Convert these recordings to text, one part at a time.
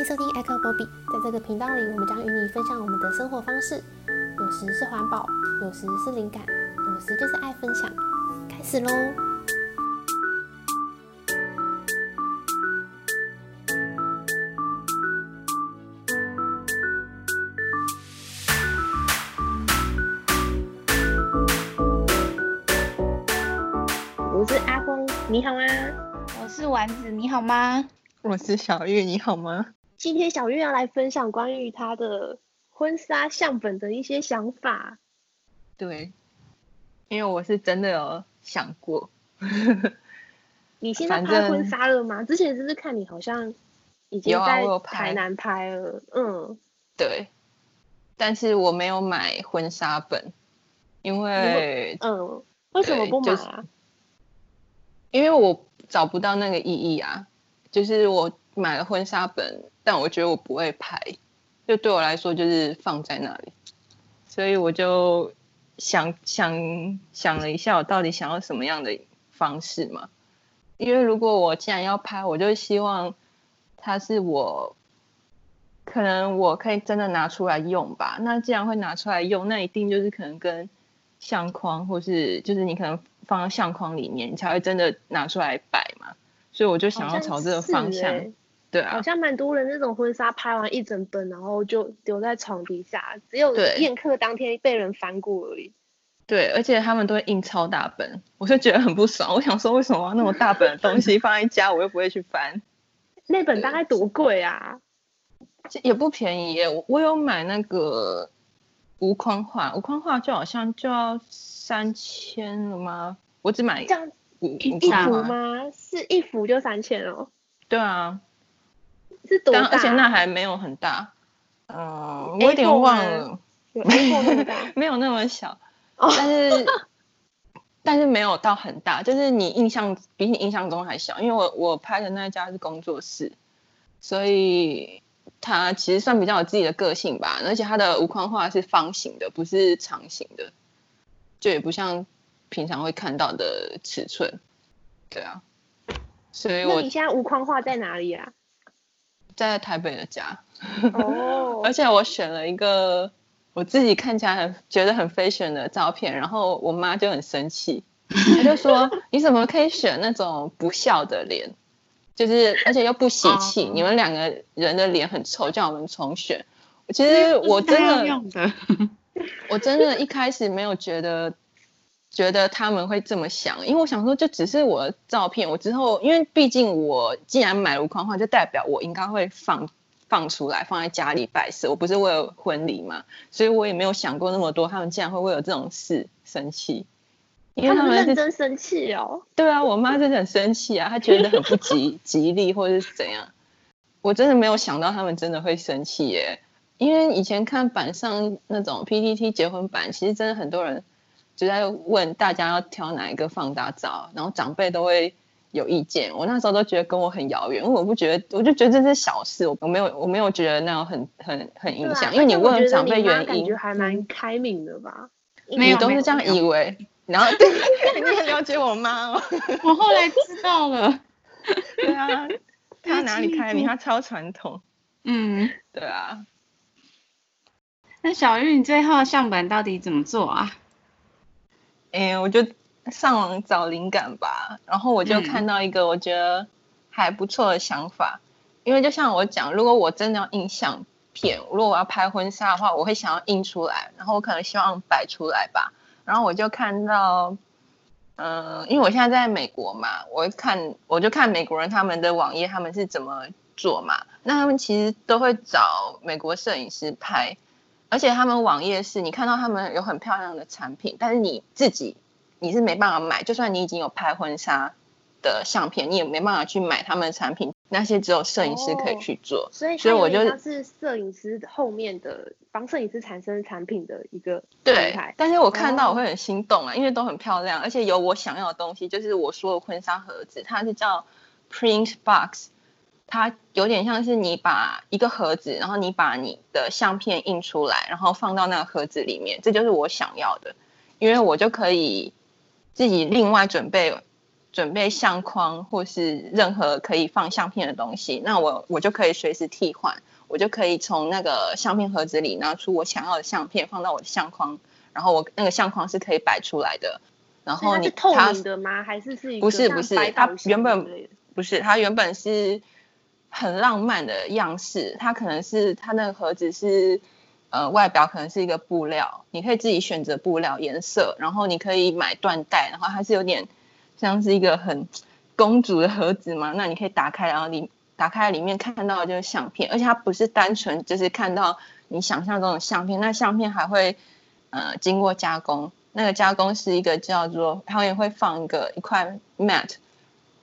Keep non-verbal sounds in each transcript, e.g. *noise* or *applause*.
歡迎收聽 Ecobobee，在這個頻道裡，我們將與你分享我們的生活方式，有時是環保，有時是靈感，有時就是愛分享。開始嘍！我是阿峰，你好嗎？我是丸子，你好嗎？我是小玉，你好嗎？今天小月要來分享關於她的婚紗相本的一些想法。對，因為我是真的有想過。 *laughs* 你現在拍婚紗了嗎？反正，之前只是看你好像已經在、啊、台南拍了，嗯，對。但是我沒有買婚紗本，因為嗯，嗯，為什麼不買啊？就是，因為我找不到那個意義啊，就是我。買了婚紗本，但我覺得我不會拍，就對我來說就是放在那裡，所以我就想想想了一下，我到底想要什麼樣的方式嘛？因為如果我既然要拍，我就希望它，是我可能我可以真的拿出來用吧。那既然會拿出來用，那一定就是可能跟相框，或是就是你可能放到相框裡面，你才會真的拿出來擺嘛。所以我就想要朝這個方向。對啊，好像蠻多人那種婚紗拍完一整本，然後就丟在床底下，只有宴客當天被人翻過而已。對，而且他們都會印超大本，我就覺得很不爽。我想說，為什麼要那麼大本的東西放在家，我又不會去翻？ *laughs* 呃、那本大概多貴啊？這也不便宜耶，我我有買那個無框畫，無框畫就好像就要三千了嗎？我只買五一張，一幅嗎？是一幅就三千哦？對啊。是多大？而且那還沒有很大，嗯，uh, Apple 我有點忘了，有大 *laughs* 沒有那麼小，oh、但是 *laughs* 但是沒有到很大，就是你印象比你印象中還小，因為我我拍的那一家是工作室，所以它其實算比較有自己的個性吧，而且它的無框畫是方形的，不是長形的，就也不像平常會看到的尺寸，對啊，所以我那你現在無框畫在哪裡啊？在台北的家， *laughs* oh. 而且我選了一個我自己看起來很覺得很 fashion 的照片，然後我媽就很生氣， *laughs* 她就說：“你怎麼可以選那種不笑的臉？就是而且又不喜氣，oh. 你們兩個人的臉很臭，叫我們重選。”其實我真的，用用的 *laughs* 我真的，一開始沒有覺得。覺得他們會這麼想，因為我想說，就只是我的照片，我之後因為畢竟我既然買無框畫，就代表我應該會放放出來，放在家裡擺設。我不是為了婚禮嘛，所以我也沒有想過那麼多。他們竟然會為了這種事生氣，因為他們,是他們真生氣哦。對啊，我媽真的很生氣啊， *laughs* 她覺得很不吉吉利或者是怎樣。我真的沒有想到他們真的會生氣耶、欸，因為以前看板上那種 PTT 結婚板，其實真的很多人。就在問大家要挑哪一個放大照，然後長輩都會有意見。我那時候都覺得跟我很遙遠，因為我不覺得，我就覺得這是小事，我沒有我沒有覺得那種很很很影響。啊、因為你問長輩原因，就還蠻開明的吧？沒有你都是這樣以為，然後你很了解我媽嗎。 *laughs* *laughs* 我後來知道了，對啊，她哪裡開明？她超傳統。嗯，對啊。那小玉，你最後的相本到底怎麼做啊？哎、欸，我就上網找靈感吧，然後我就看到一個我覺得還不錯的想法，嗯、因為就像我講，如果我真的要印相片，如果我要拍婚紗的話，我會想要印出來，然後我可能希望擺出來吧。然後我就看到，嗯、呃，因為我現在在美國嘛，我看我就看美國人他們的網頁，他們是怎麼做嘛？那他們其實都會找美國攝影師拍。而且他們網頁是，你看到他們有很漂亮的產品，但是你自己你是沒辦法買，就算你已經有拍婚紗的相片，你也沒辦法去買他們的產品，那些只有攝影師可以去做。所以、哦，所以我就是攝影師後面的幫攝影師產生產品的一個平台。對，但是我看到我會很心動啊，哦、因為都很漂亮，而且有我想要的東西，就是我說的婚紗盒子，它是叫 Print Box。它有點像是你把一個盒子，然後你把你的相片印出來，然後放到那個盒子裡面，這就是我想要的，因為我就可以自己另外準備準備相框或是任何可以放相片的東西，那我我就可以隨時替換，我就可以從那個相片盒子裡拿出我想要的相片，放到我的相框，然後我那個相框是可以擺出來的，然後你是透明的嗎？它還是是一個不是不是，它原本不是，它原本是。很浪漫的樣式，它可能是它那個盒子是，呃，外表可能是一個布料，你可以自己選擇布料顏色，然後你可以買緞帶，然後它是有點像是一個很公主的盒子嘛，那你可以打開，然後裡打開裡面看到的就是相片，而且它不是單純就是看到你想象中的這種相片，那相片還會呃經過加工，那個加工是一個叫做它也會放一個一塊 mat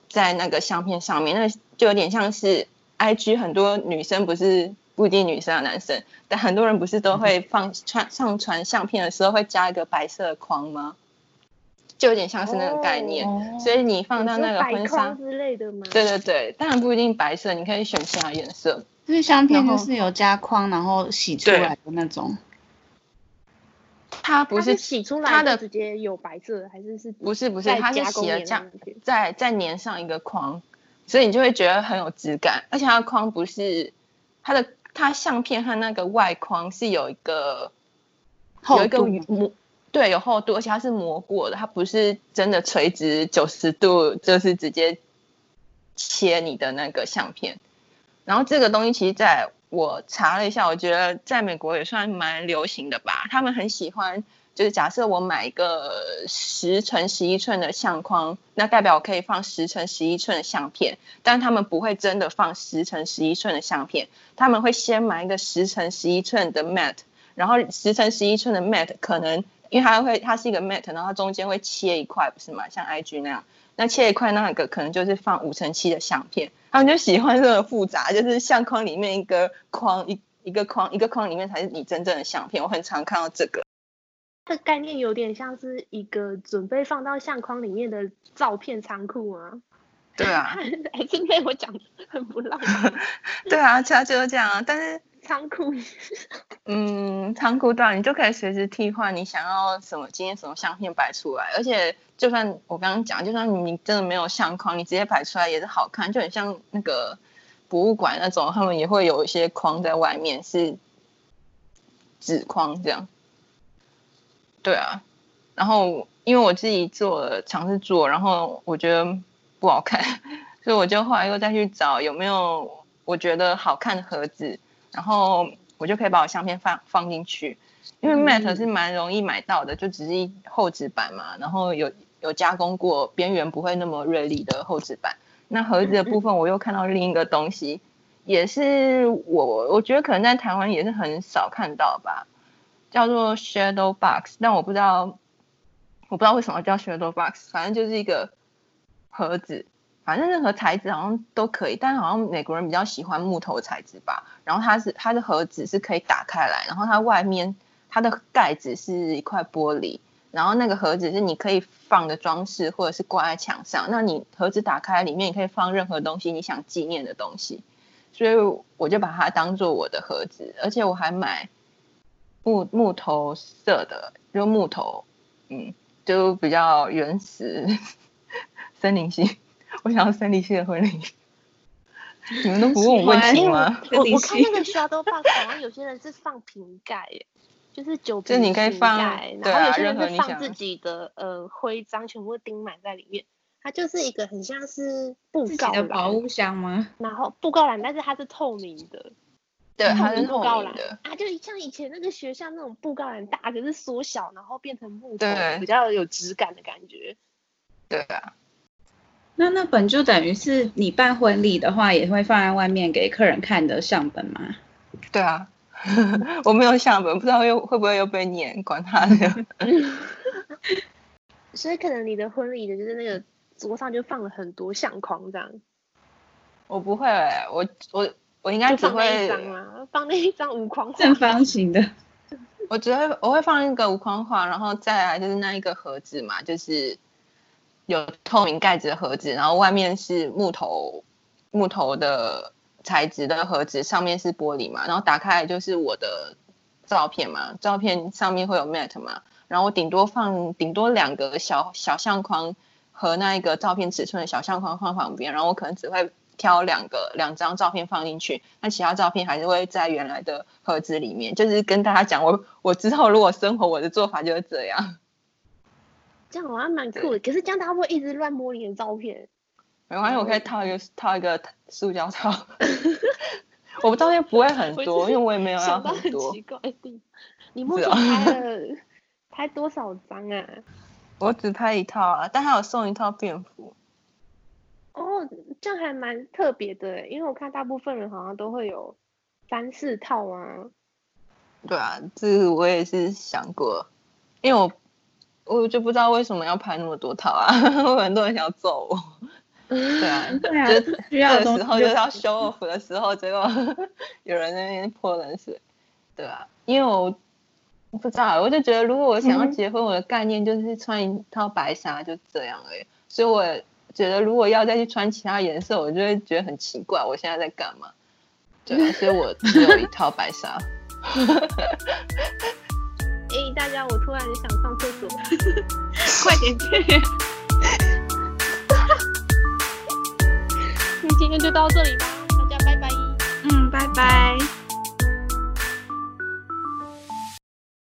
在那個相片上面，那就有點像是。IG 很多女生不是不一定女生啊男生，但很多人不是都會放傳上傳相片的時候會加一個白色的框嗎？就有點像是那種概念，哦、所以你放到那個婚紗之類的嗎？對對對，當然不一定白色，你可以選其他顏色。就是相片就是有加框，然後，然後洗出來的那種。對它不是，它是洗出來的，直接有白色的還是是？不是不是，它是洗了這樣，再再粘上一個框。所以你就會覺得很有質感，而且它的框不是，它的它相片和那個外框是有一個有一個厚度，磨。對，有厚度，而且它是磨過的，它不是真的垂直九十度，就是直接切你的那個相片。然後這個東西其實在我查了一下，我覺得在美國也算蠻流行的吧，他們很喜歡。就是假設我買一個十乘十一寸的相框，那代表我可以放十乘十一寸的相片，但他們不會真的放十乘十一寸的相片，他們會先買一個十乘十一寸的 mat，然後十乘十一寸的 mat 可能因為它會它是一個 mat，然後它中間會切一塊，不是嘛？像 IG 那樣，那切一塊那個可能就是放五乘七的相片，他們就喜歡這麼複雜，就是相框裡面一個框一一個框一個框裡面才是你真正的相片，我很常看到這個。這概念有點像是一個準備放到相框裡面的照片倉庫嗎？對啊，還是被我講得很不浪漫。 *laughs* 對啊，他就是這樣啊。但是倉庫，倉庫 *laughs* 嗯，倉庫到你就可以隨時替換你想要什麼，今天什麼相片擺出來。而且就算我剛剛講，就算你真的沒有相框，你直接擺出來也是好看，就很像那個博物館那種，他們也會有一些框在外面，是紙框這樣。對啊，然後因為我自己做了嘗試做，然後我覺得不好看，所以我就後來又再去找有沒有我覺得好看的盒子，然後我就可以把我相片放放進去。因為 mat 是蠻容易買到的，嗯、就只是厚紙板嘛，然後有有加工過，邊緣不會那麼銳利的厚紙板。那盒子的部分，我又看到另一個東西，也是我我覺得可能在台灣也是很少看到吧。叫做 shadow box，但我不知道，我不知道為什麼叫 shadow box，反正就是一個盒子，反正任何材質好像都可以，但好像美國人比較喜歡木頭材質吧。然後它是它的盒子是可以打開來，然後它外面它的蓋子是一塊玻璃，然後那個盒子是你可以放的裝飾或者是掛在牆上。那你盒子打開裡面你可以放任何東西，你想紀念的東西，所以我就把它當做我的盒子，而且我還買。木木頭色的，就木頭，嗯，就比較原始呵呵，森林系。我想要森林系的婚禮。你們都不問我問題嗎？欸、我我，我看那個 shadow box，好像有些人是放瓶蓋，耶， *laughs* 就是酒瓶蓋。這你可以放，然後有些人會放自己的、啊、呃徽章，全部釘滿在裡面。它就是一個很像是布告的保護箱嗎？然後布告欄，但是它是透明的。對，還是布告欄啊，就像以前那個學校那種布告欄大，可是縮小，然後變成木頭，對比較有質感的感覺。對啊，那那本就等於是你辦婚禮的話，也會放在外面給客人看的相本嗎？對啊， *laughs* 我沒有相本，不知道會會不會又被念，管他的 *laughs* *laughs* 所以可能你的婚禮的就是那個桌上就放了很多相框，這樣。我不會，我我。我應該只會放那一張啊，放那一張無框畫正方形的。我只會我會放一個無框畫，然後再來就是那一個盒子嘛，就是有透明蓋子的盒子，然後外面是木頭木頭的材質的盒子，上面是玻璃嘛，然後打開來就是我的照片嘛，照片上面會有 mat 嘛，然後我頂多放頂多兩個小小相框和那一個照片尺寸的小相框放旁邊，然後我可能只會。挑兩個兩張照片放進去，那其他照片還是會在原來的盒子裡面。就是跟大家講，我我之後如果生活，我的做法就是這樣。這樣好像蠻酷的，嗯、可是這樣他會不會一直亂摸你的照片。沒關係，我可以套一個、嗯、套一個塑膠套。 *laughs* *laughs* 我照片不會很多， *laughs* 一直 因為我也沒有要很多。很奇怪，你目前拍了不知道 *laughs* 拍多少張啊？我只拍一套啊，哇但他有送一套便服。哦，這樣還蠻特別的，因為我看大部分人好像都會有三四套啊。對啊，這個，我也是想過，因為我我就不知道為什麼要拍那麼多套啊， *laughs* 我很多人想要揍我。對啊，需要的 *laughs* 的時候就是要 show off 的時候， *laughs* 結果有人在那邊潑冷水。對啊，因為我，我不知道，我就覺得如果我想要結婚，嗯、我的概念就是穿一套白紗就這樣而已，所以我。覺得如果要再去穿其他顏色，我就會覺得很奇怪。我現在在幹嘛？對、啊，所以我只有一套白紗。哎、 *laughs* *laughs* 欸，大家，我突然想上廁所， *laughs* 快點去。那今天就到這裡吧，大家拜拜。嗯，拜拜。